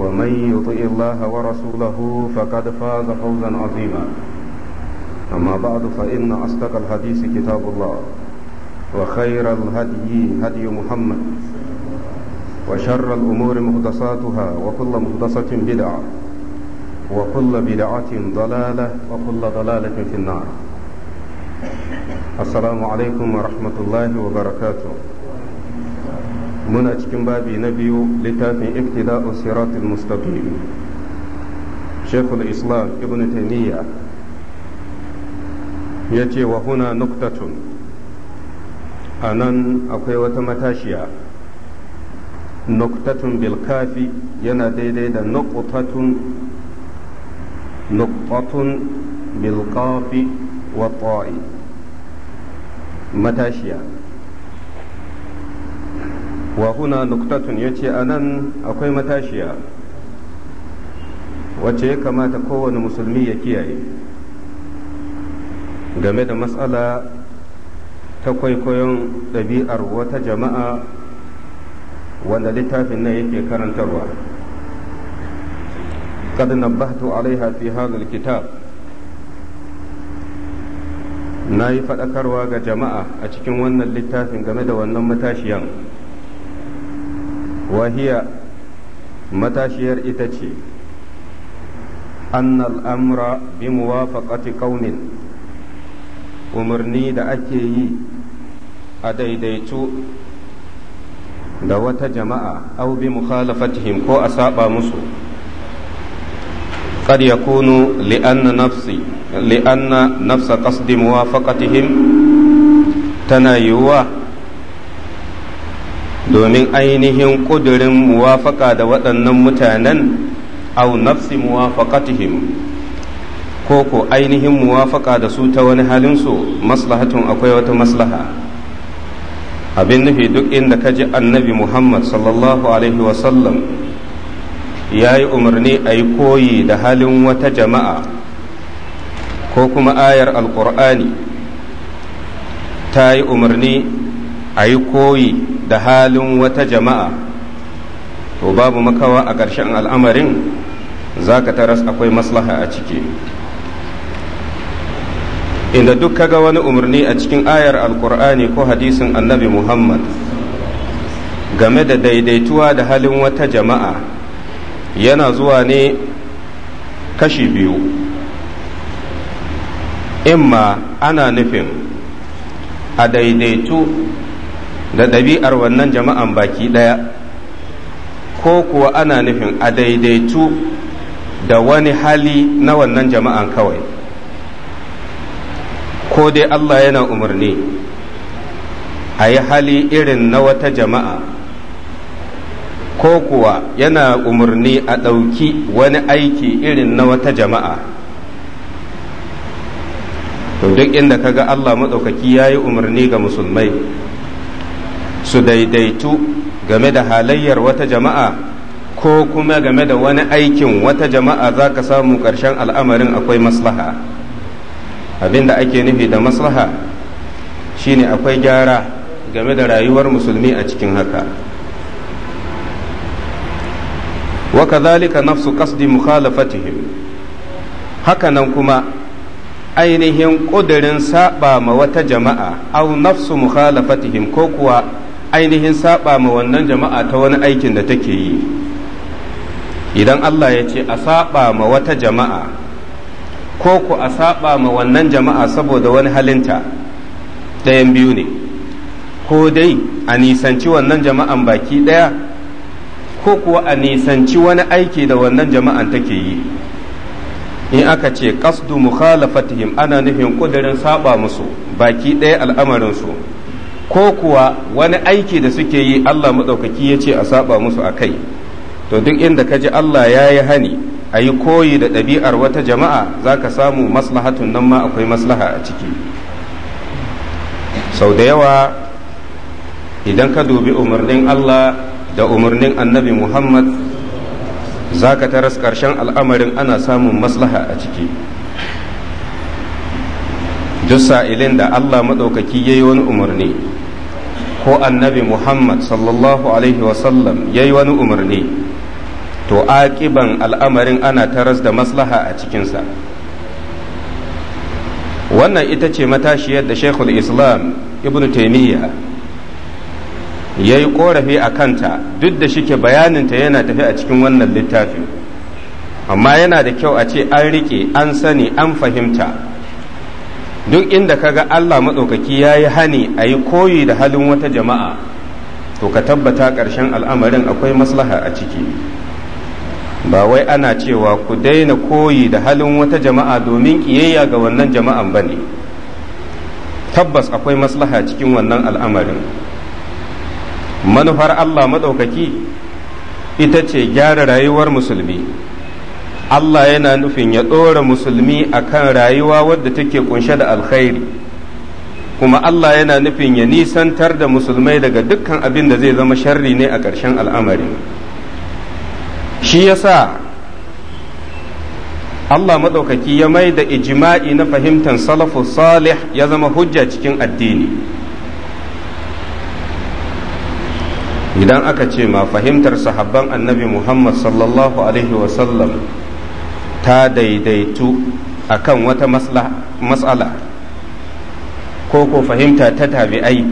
ومن يطع الله ورسوله فقد فاز فوزا عظيما أما بعد فإن أصدق الحديث كتاب الله وخير الهدي هدي محمد وشر الأمور محدثاتها وكل محدثة بدعة وكل بدعة ضلالة وكل ضلالة في النار السلام عليكم ورحمة الله وبركاته muna cikin babi na biyu littafin iktida'u siratul mustaqim shekul islam ibn taimiyya ya ce wa huna nuktatun a nan akwai wata matashiya nuktatun bilkafi yana daidai da nuktatun nuktatun bilkafi wa matashiya wa huna nuktatun ya ce a nan akwai matashiya wacce ya kamata kowane musulmi ya kiyaye game da matsala ta kwaikwayon ɗabi'ar wata jama'a wanda littafin na yake karantarwa قد نبهت عليها في هذا الكتاب na yi faɗakarwa ga jama'a a cikin wannan littafin game da wannan matashiyan wahiya matashiyar ita ce annal amra bi muwafaqati qaumin umarni da ake yi a daidaito da wata jama'a au bi mukhalafatihim ko a saba musu قد يكون لأن نفسي لأن نفس قصد موافقتهم تنايوه domin ainihin ƙudurin muwafaka da waɗannan mutanen au nafsi muwafaqatihim ko ko ainihin muwafaka da su ta wani halinsu maslahatun akwai wata maslaha abin nufi duk inda ka ji annabi muhammad sallallahu alaihi wasallam ya yi umarni a yi koyi da halin wata jama'a ko kuma ayar alƙur'ani ta yi umarni a yi koyi da halin wata jama'a to babu makawa a ƙarshen al'amarin za ka taras akwai maslaha a ciki inda duk kaga wani umarni a cikin ayar alkur'ani ko hadisin annabi muhammad game da daidaituwa da halin wata jama'a yana zuwa ne kashi biyu imma ana nufin a daidaitu da ɗabi'ar wannan jama'an baki ɗaya ko kuwa ana nufin a daidaitu da wani hali na wannan jama'an kawai ko dai Allah yana umarni a yi hali irin na wata jama'a ko kuwa yana umarni a ɗauki wani aiki irin na wata jama'a to duk inda kaga Allah maɗaukaki ya yi umarni ga musulmai su daidaitu game da halayyar wata jama'a ko kuma game da wani aikin wata jama'a za ka samu ƙarshen al'amarin akwai maslaha abin da ake nufi da maslaha shine akwai gyara game da rayuwar musulmi a cikin haka وكذلك نفس قصد مخالفتهم hakanan kuma ainihin ƙudurin saɓa ma wata jama'a au nafsu mukhalafatihim ko kuwa ainihin saba ma wannan jama'a ta wani aikin da take yi idan Allah ya ce a saba ma wata jama'a ko ku a saba ma wannan jama'a saboda wani halinta ɗayan biyu ne ko dai a nisanci wannan jama'an baki ɗaya ko kuwa a nisanci wani aiki da wannan jama'an take yi in aka ce kasdu mukhalafatihim ana nufin kudirin saba musu baki ɗaya al'amarinsu su ko kuwa wani aiki da suke yi Allah maɗaukaki ya ce a saba musu a kai to duk inda ka ji Allah ya yi hani a yi koyi da ɗabi'ar wata jama'a za ka samu maslahatun nan ma akwai maslaha a ciki sau da yawa idan ka dubi umarnin Allah da umarnin annabi Muhammad za ka taras ƙarshen al'amarin ana samun maslaha a ciki duk sa'ilin da Allah maɗaukaki ya yi wani umarni ko annabi Muhammad sallallahu Alaihi wasallam ya yi wani umarni to aƙiban al'amarin ana taras da maslaha a cikinsa wannan ita ce matashiyar da shekul islam ibn taimiyya ya yi ƙorafi a kanta duk da shike bayaninta yana tafi a cikin wannan littafin amma yana da kyau a ce an riƙe an sani an fahimta duk inda ka ga Allah maɗaukaki ya yi hani a yi koyi da halin wata jama'a to ka tabbata ƙarshen al'amarin akwai maslaha a ciki ba wai ana cewa ku daina koyi da halin wata jama'a domin ƙiyayya ga wannan jama'an ba ne tabbas akwai maslaha cikin wannan al'amarin manufar Allah maɗaukaki ita ce gyara rayuwar musulmi Allah yana nufin ya ɗora musulmi a kan rayuwa wadda take kunshe da alkhairi kuma Allah yana nufin ya nisantar da musulmai daga dukkan abin da zai zama sharri ne a ƙarshen al'amari shi yasa Allah maɗaukaki ya mai da ijima'i na fahimtar salafu salih ya zama hujja cikin addini idan aka ce ma fahimtar sahabban annabi Muhammad sallallahu Alaihi wasallam ta daidaitu kan wata matsala ko ko fahimta ta tabi'ai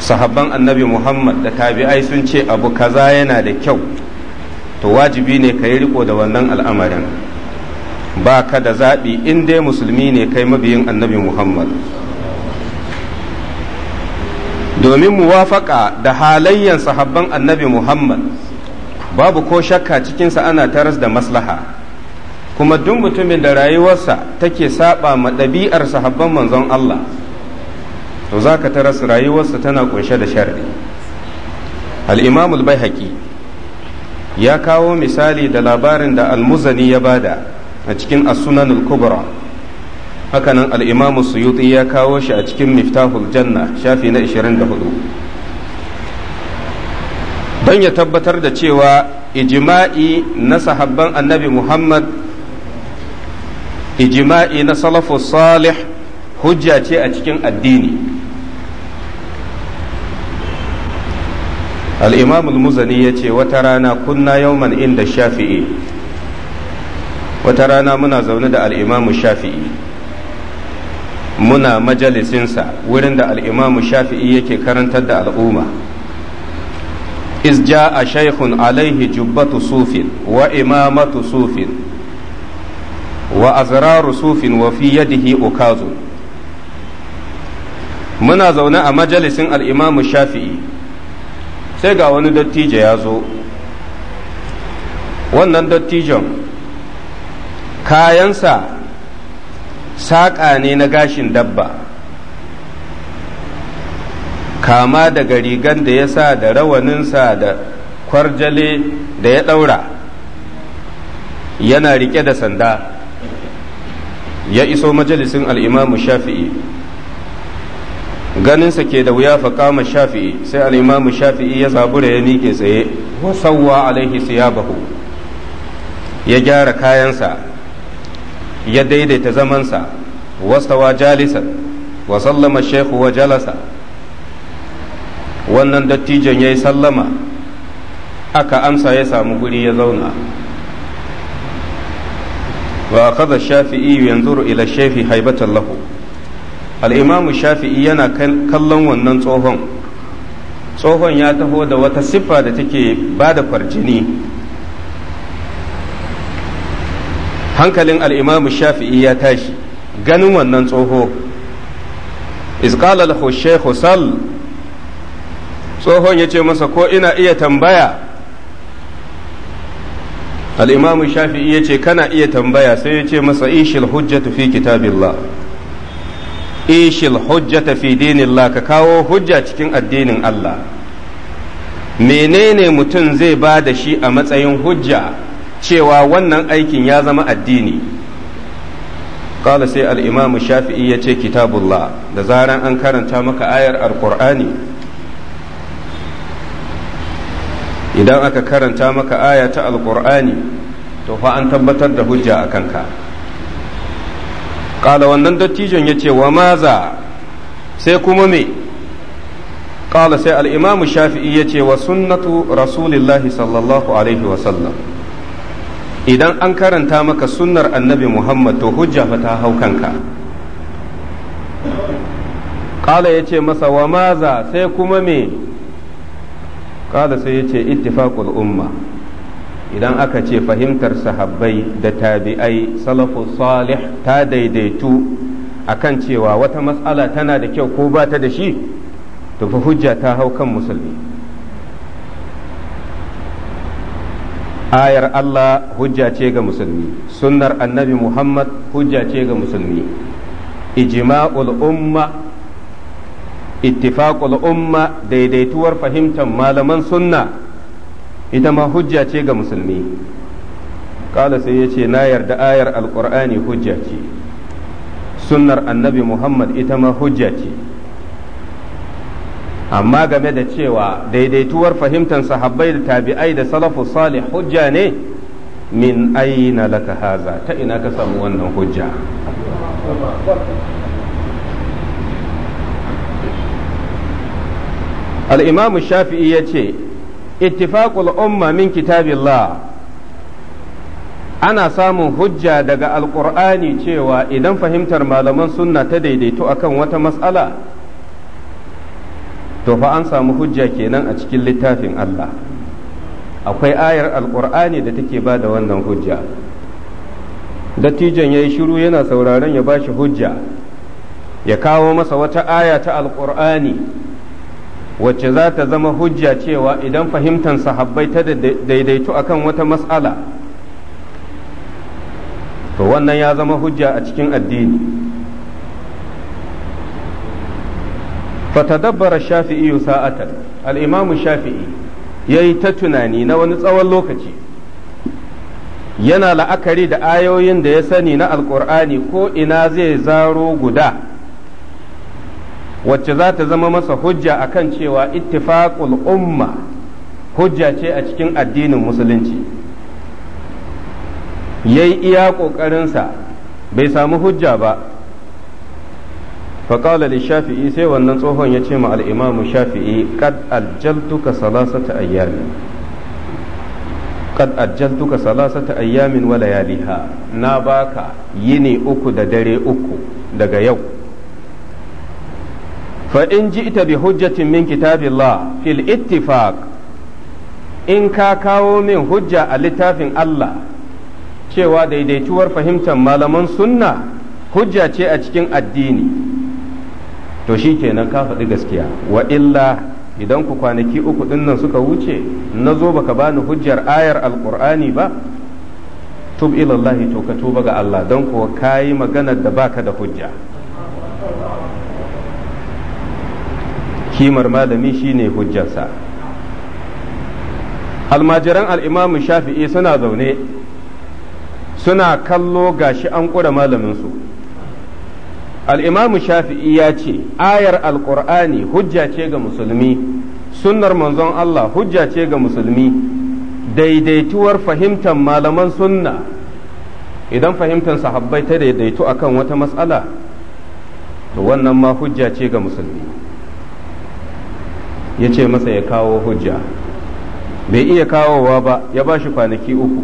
sahabban annabi muhammad da tabi'ai sun ce abu kaza yana da kyau to wajibi ne ka yi riko da wannan al'amarin ba ka da zaɓi in dai musulmi ne kai mabiyin annabi muhammad domin muwafaƙa da halayyan sahabban annabi muhammad babu ko shakka cikinsa ana taras da maslaha kuma duk mutumin da rayuwarsa take saba ma ɗabi'ar sahabban manzon Allah to za ka taras rayuwarsa tana kunshe da sharri al bai al ya kawo misali da labarin da almuzani ya bada a cikin asunanul al-kubra hakanan al-imam suyuti ya kawo shi a cikin miftahul janna shafi na 24 don ya tabbatar da cewa ijima'i na sahabban annabi muhammad ijima'i na salafu salih hujja ce a cikin addini al'imam muzani ya ce wata rana kunna yauman inda shafi'i wata rana muna zaune da al'imamu shafi'i muna majalisinsa wurin da al'imamu shafi'i yake karantar da al'umma iz ja'a shaykhun alaihi jubbatu sufin wa imamatu sufin wa azraru sufin wa fi yadihi ukazun muna zaune a majalisin al'imamu shafi'i sai ga wani dattijo ya zo wannan dattijon kayansa saƙa ne na gashin dabba kama daga rigan da ya sa da rawaninsa da kwarjale da ya ɗaura yana rike da sanda ya iso majalisin al'imamu shafi'i ganinsa ke da wuya faƙa ma shafi'i sai al'imamu shafi'i ya zabura ya miƙe tsaye wasauwa alaihi siyabahu ya gyara kayansa ya daidaita zamansa wa jalisa wa sallama shehu wa jalasa wannan dattijon ya yi sallama aka amsa ya samu guri ya zauna wa kaza shafi'i yanzu ila shafi haibatan lahu al'imamu shafi'i yana kallon wannan tsohon tsohon ya taho da wata siffa da take ba da kwarjini hankalin al'imamu shafi'i ya tashi ganin wannan tsoho izqala lahu shaykhu sal tsohon ya ce masa ko ina iya tambaya al'imamu shafi'i ya ce kana iya tambaya sai ya ce masa ishil hujjatu fi kitabillah ishil hujjata fi dinillah ka kawo hujja cikin addinin Allah menene mutum zai ba da shi a matsayin hujja cewa wannan aikin ya zama addini قال sai al'imamu shafi'i ya ce kitabullah da zarar an karanta maka ayar alkur'ani idan aka karanta maka aya ta alkur'ani to fa an tabbatar da hujja a kanka ƙala wannan dattijon ya ce wa maza sai kuma me ƙala sai al'imamu shafi'i ya ce wa sunnatu rasulillahi sallallahu alaihi wasallam idan an karanta maka sunnar annabi muhammad to hujja fa ta hau kanka ƙala ya ce masa wa maza sai kuma me kala sai ya ce ittifaqul umma idan aka ce fahimtar sahabbai da tabi'ai salafu salih ta daidaitu akan cewa wata matsala tana da kyau ko ba ta da shi to fi hujja ta hau kan musulmi ayar Allah hujja ce ga musulmi sunnar annabi Muhammad hujja ce ga musulmi ijma'ul umma ittifaqul umma daidaituwar fahimtar malaman sunna ita ma hujja ce ga musulmi kala sai yace na yarda ayar alqur'ani hujja ce sunnar annabi muhammad ita ma hujja ce amma game da cewa daidaituwar fahimtar sahabbai da tabi'ai da salafu salih hujja ne min aina laka haza ta ina ka samu wannan hujja al'imamu shafi'i ya ce ittifaqul umma min kitabillah ana samun hujja daga alƙur'ani cewa idan fahimtar malaman sunna ta daidaito akan wata mas'ala to fa an samu hujja kenan a cikin littafin Allah akwai ayar alƙur'ani da take ba da wannan hujja dattijon ya yi shiru yana sauraron ya ba shi hujja ya kawo masa wata aya ta alƙur'ani wacce za ta zama hujja cewa idan fahimtar sahabbai ta daidaitu kan wata matsala? to wannan ya zama hujja a cikin addini fatadabbara shafi'i sa'atar al'imamu shafi'i ya yi ta tunani na wani tsawon lokaci yana la'akari da ayoyin da ya sani na alkur'ani ko ina zai zaro guda wacce za ta zama masa hujja a kan cewa ittifaqul umma hujja ce a cikin addinin musulunci yayi iya ƙoƙarinsa bai samu hujja ba da shafi'i sai wannan tsohon ya ce ma al'imamu shafi'i kad aljaltuka salasata ayyamin kad aljaltuka salasata ayyamin na baka yini uku da dare uku daga yau fa in ita bi hujjatin min kitabillah fil ittifaq in ka kawo min hujja a littafin Allah cewa daidaituwar fahimtar malaman sunna hujja ce a cikin addini to shi kenan ka faɗi gaskiya wa illa idan ku kwanaki uku ɗin nan suka wuce na zo baka bani hujjar ayar alƙur'ani ba tub ilallahi to ka tuba ga Allah don kuwa kayi maganar da baka da hujja kimar malami shine hujjarsa almajiran al'imamu shafi'i suna zaune suna kallo gashi an ƙura malaminsu al'imamu shafi'i ya ce ayar alƙur'ani hujja ce ga musulmi sunnar manzon Allah hujja ce ga musulmi daidaituwar fahimtar malaman sunna idan fahimtar sahabbai ta daidaitu akan wata matsala to wannan ma hujja ce ga musulmi ya ce masa ya kawo hujja bai iya kawowa ba ya ba shi kwanaki uku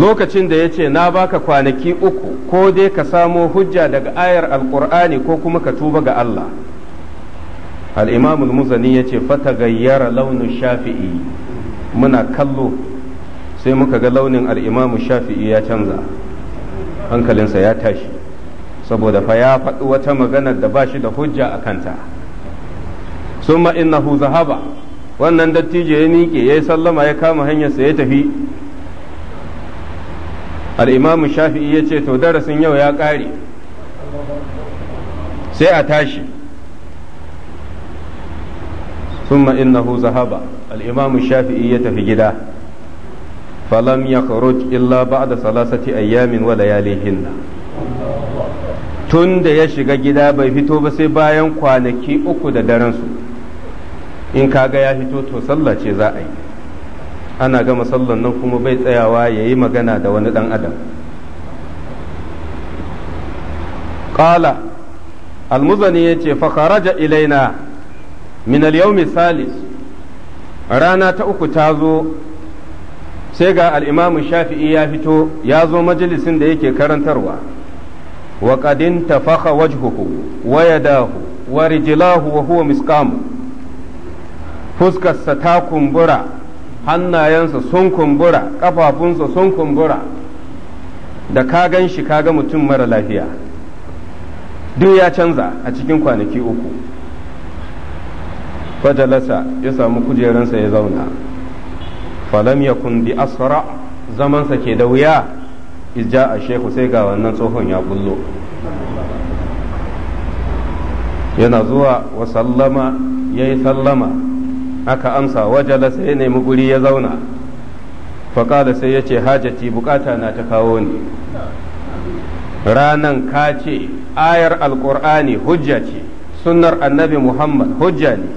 lokacin da ya ce na baka kwanaki uku ko dai ka samo hujja daga ayar alkur'ani ko kuma ka tuba ga Allah al’imamul muzani ya ce fata gayyara launin shafi'i muna kallo sai muka ga launin al'imamu shafi'i ya canza hankalinsa ya tashi saboda fa ya faɗi wata magana da ba shi da hujja a kanta. summa innahu zahaba wannan dattijo ya nike ya yi sallama ya kama hanyarsa ya tafi al’imam shafi'i ya ce to darasin yau ya ƙare sai a tashi summa innahu zahaba al’imam shafi'i ya tafi gida falam ya illa ba'da salasati ayyamin wa layalihinna tun da ya shiga gida bai fito ba sai bayan kwanaki uku da daren su in kaga ya fito to sallah ce za a yi ana gama sallan nan kuma bai tsayawa ya yi magana da wani ɗan adam ƙala almuzani ya ce fakaraja ilaina min al misali rana ta uku ta zo sai ga al'imamu shafi'i ya fito ya zo majalisin da yake karantarwa wa ta faka wajhuhu wa yadahu wa rijilahu wa huwa miskamu fuskarsa ta kumbura hannayensa sun kumbura ƙafafunsa sun kumbura da ka gan shi ka ga mutum mara lafiya duk ya canza a cikin kwanaki uku fajalasa ya samu kujeransa ya zauna falam ya bi asra zamansa ke da wuya ija a shehu sai ga wannan tsohon ya bullo yana zuwa wa sallama ya yi sallama aka amsa wajala sai ya nemi guri ya zauna faƙala sai ya ce hajjati bukata na ta kawo ni ranan ka ce ayar alƙur'ani hujja ce sunnar annabi muhammad hujja ne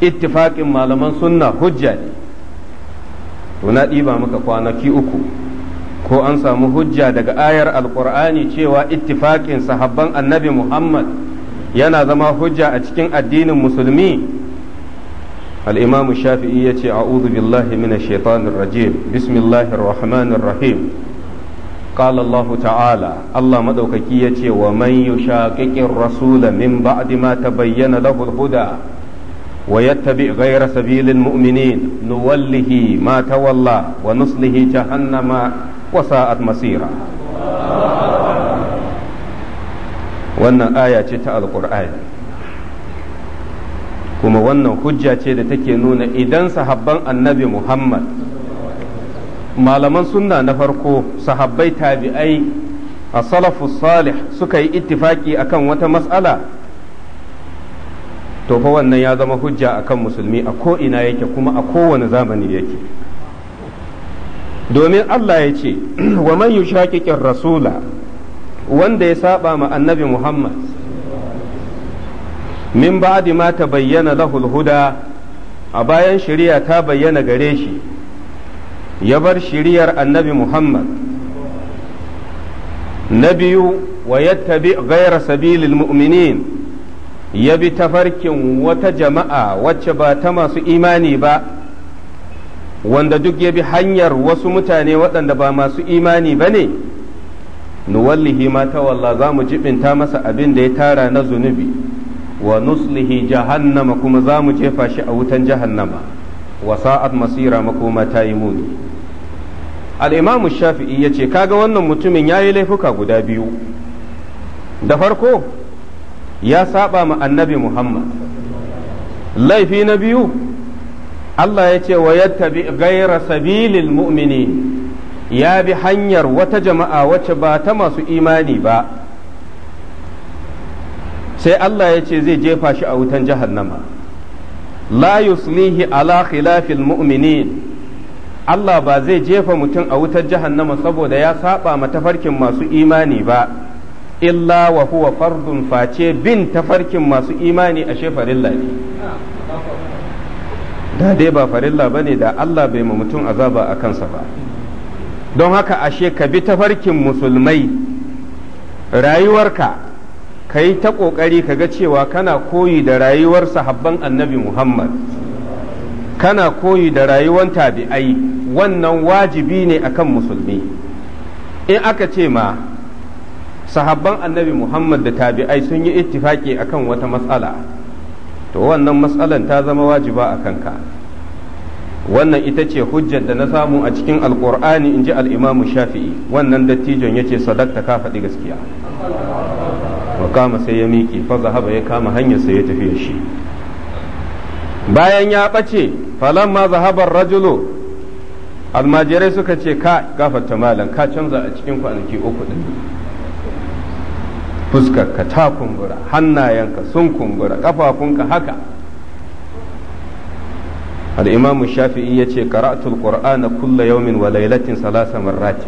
ittifaƙin malaman sunna hujja ne to na ɗiba maka kwanaki uku ko an samu hujja daga ayar alƙur'ani cewa ittifaƙin sahabban annabi muhammad yana zama hujja a cikin addinin musulmi الإمام الشافعي أعوذ بالله من الشيطان الرجيم بسم الله الرحمن الرحيم قال الله تعالى الله مدوككي ومن يشاقق الرسول من بعد ما تبين له الهدى ويتبع غير سبيل المؤمنين نوله ما تولى ونصله جهنم وساءت مصيرا wannan aya ce ta alkur'ani kuma wannan hujja ce da take nuna idan sahabban annabi Muhammad malaman sunna na farko sahabbai tabi'ai a salafu salih suka yi ittifaki akan wata matsala to fa wannan ya zama hujja akan musulmi a ko'ina yake kuma a kowane zamani yake domin Allah ya ce wa man yushaqiqir rasula wanda ya saba ma annabi Muhammad min ba ma tabayyana lahul huda a bayan shari'a ta bayyana gare shi ya bar shari'ar annabi Muhammad na biyu wa yattabi ghayra sabilil mu'minin ya bi tafarkin wata jama'a wacce ba ta masu imani ba wanda duk ya bi hanyar wasu mutane waɗanda ba masu imani ba ne nuwallihi ma walla za mu jibinta masa abin da ya tara na zunubi wa nuslihi jahannama kuma za mu jefa shi a wutan jahannama wa sa'ad masira makoma ta yi muni al'imamu shafi'i ya ce kaga wannan mutumin ya yi laifuka guda biyu da farko ya saba ma annabi muhammad laifi na biyu allah ya ce wa yattabi gaira sabilil mu'mini ya bi hanyar wata jama'a wacce ba ta masu imani ba sai Allah ya ce zai jefa shi a wutan jahannama la yuslihi ala khilafil mu'minin Allah ba zai jefa mutum a wutar jahannama saboda ya saba ma tafarkin masu imani ba illa wa huwa fardun face bin tafarkin masu imani a farilla ne da dai ba farilla ne da Allah bai ma mutum azaba a kansa ba don haka ashe ka bi tafarkin musulmai rayuwarka ka yi ta ƙoƙari ka ga cewa kana koyi da rayuwar sahabban annabi Muhammad kana koyi da rayuwar tabi'ai wannan wajibi ne akan musulmi in aka ce ma sahabban annabi Muhammad da tabi'ai sun yi ittifaki akan wata matsala to wannan matsalan ta zama wajiba a kanka wannan ita ce hujjar da na samu a cikin alƙur'ani in ji al'imamu shafi'i wannan dattijon ya ce sadakta ka faɗi gaskiya fa kama sai ya miƙe fa zahaba ya kama hanyar sai ya tafi shi bayan ya ɓace ma zahabar rajulu almajirai suka ce ka gafarta malam ka canza a cikin kwanaki uku din fuskarka ta kumbura hannayenka sun kumbura kafafunka haka shafi'i al الإمام الشافعي يقرأت القرآن كل wa وليلة salasa مرات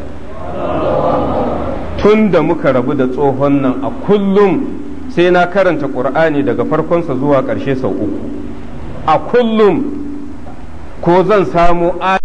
tun da muka rabu da tsohon nan a kullum sai na karanta ƙur'ani daga farkonsa zuwa ƙarshe sau uku a kullum ko zan samu